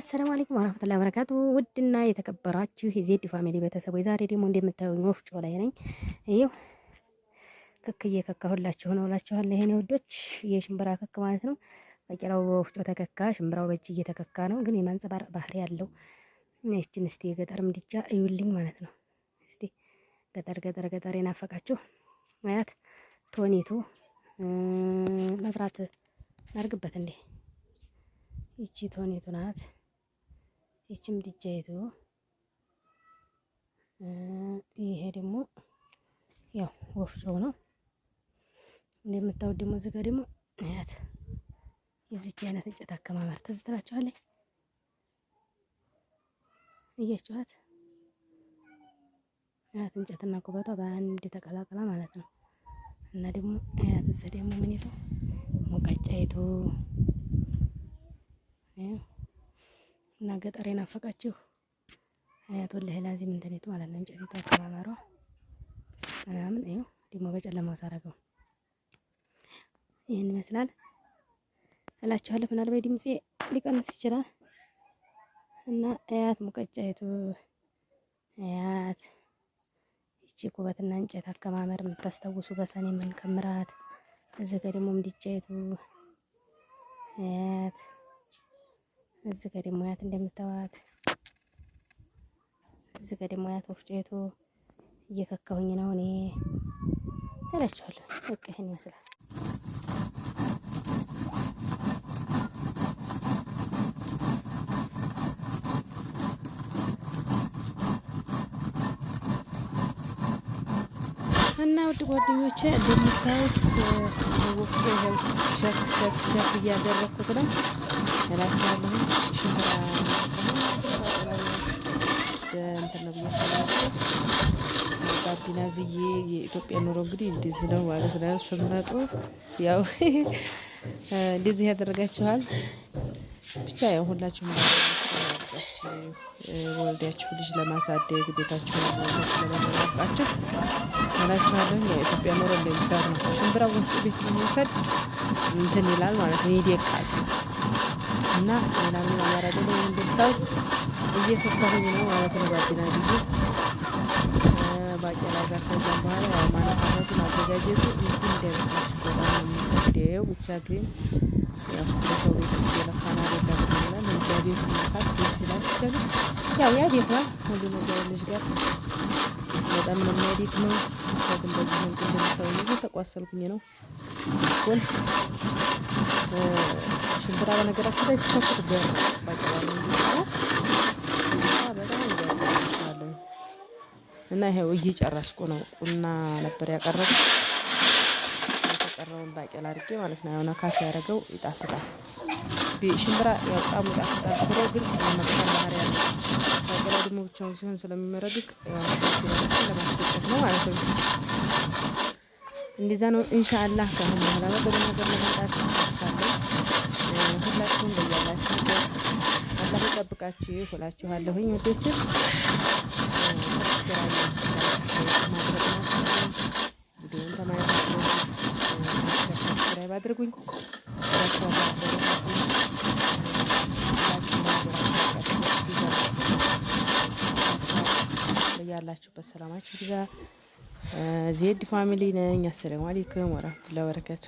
አሰላሙ አለይኩም ወራህመቱላሂ ወበረካቱ። ውድና የተከበራችሁ የዜድ ፋሚሊ ቤተሰቦች ዛሬ ደግሞ እንደምታዩኝ ወፍጮ ላይ ነኝ። ይኸው ክክ እየከካሁላችሁ ነው እላችኋለሁ። ይሄኔ ውዶች የሽምብራ ክክ ማለት ነው። በቂላው በወፍጮ ተከካ፣ ሽምብራው በእጅ እየተከካ ነው። ግን የማንጸባረቅ ባህሪ ያለው ይህችን እስቲ የገጠር ምድጃ እዩልኝ ማለት ነው። እስቲ ገጠር ገጠር ገጠር የናፈቃችሁ አያት ቶኔቱ መብራት አርግበት እንዴ ይቺ ቶኔቱ ናት። ይቺ ምድጃይቱ ይሄ ደግሞ ያው ወፍጮ ነው። እንደምታወድ ደግሞ እዚህ ጋ ደግሞ ያት የዚች አይነት እንጨት አከማመር ትዝ ትላችኋለች። እያችኋት ያት እንጨትና ኩበቷ በአንድ ተቀላቅላ ማለት ነው። እና ደግሞ ያት እዚህ ደግሞ ምኔቱ ሙቀጫይቱ እና ገጠር የናፈቃችሁ አያቶላህ ላዚም እንትኔቱ ማለት ነው እንጨቴቱ አከባበሯ ምናምን ይኸው ደግሞ በጨለማው ሳረገው ይህን ይመስላል እላችኋለሁ። ምናልባት ድምፄ ሊቀንስ ይችላል እና አያት ሙቀጫይቱ አያት ይቺ ኩበትና እንጨት አከማመር የምታስታውሱ በሰኔ የምንከምራት እዚህ ጋ ደግሞ ምድጃይቱ አያት እዚህ ጋር ደግሞ አያት እንደምታዋት እዚህ ጋር ደግሞ አያት ወፍጮ እየከካሁኝ ነው እኔ እላችኋለሁ። በቃ ይህን ይመስላል። እና ውድ ጓደኞቼ እንደምታዩት ወፍጮ ሸፍ ሸፍ ሸፍ እያደረኩት ነው። እላችኋለሁ። ጋቢና ዝዬ የኢትዮጵያ ኑሮ እንግዲህ እንደዚህ ነው ማለት ነው። ስመጡ ያው እንደዚህ ያደረጋችኋል። ብቻ ያው ሁላችሁም ወልዳችሁ ልጅ ለማሳደግ ቤታችሁን ለመለቃችሁ እላችኋለሁ። የኢትዮጵያ ኑሮ እንደሚባል ነው። ሽንብራ ወፍጮ ቤት መውሰድ እንትን ይላል ማለት ነው፣ ይደቃል። እና ምናምን አማራ ደግሞ እንደታው እየፈታሁኝ ነው ማለት ነው። ባዲና ጊዜ ባቄላ ጋር ከዛም በኋላ ያው ማነፋፋቱን አዘጋጀቱ እንጂ እንደበታች በጣም የሚወደው ብቻ ግን ያው ቤት የለፋና ቤት ብላ እዛ ቤት መካት ደስ ይላል። ብቻ ያው ያ ቤቷ ሁሉ ነገር ልጅ ጋር በጣም ነው ነው። ግን በዚህ መንገድ እንደምታዩ እየተቋሰልኩኝ ነው ግን ሽንብራ በነገራችን ላይ ሲከፍት ገር በጣም እና ይሄው እየጨረስኩ ነው። ቁና ነበር ያቀረቡት የተቀረውን ባቄላ አድርጌ ማለት ነው። የሆነ ካስ ያደረገው ይጣፍጣል። ሽንብራ ያው ጣዕሙ ይጣፍጣል። ሽሮ ግን መቅጠል ባህሪ ያለ ባቄላ ደግሞ ብቻውን ሲሆን ስለሚመረግግ ለማስፈጨት ነው ማለት ነው። እንደዛ ነው። ኢንሻአላህ ከአሁን በኋላ በጥሩ ሁላችሁም በያላችሁ አላህ ይጠብቃችሁ ወዶችን ያላችሁበት ሰላማችሁ ይብዛ። ዜድ ፋሚሊ ነኝ። አሰላሙ አሌይኩም ወራህመቱላሂ ወበረካቱ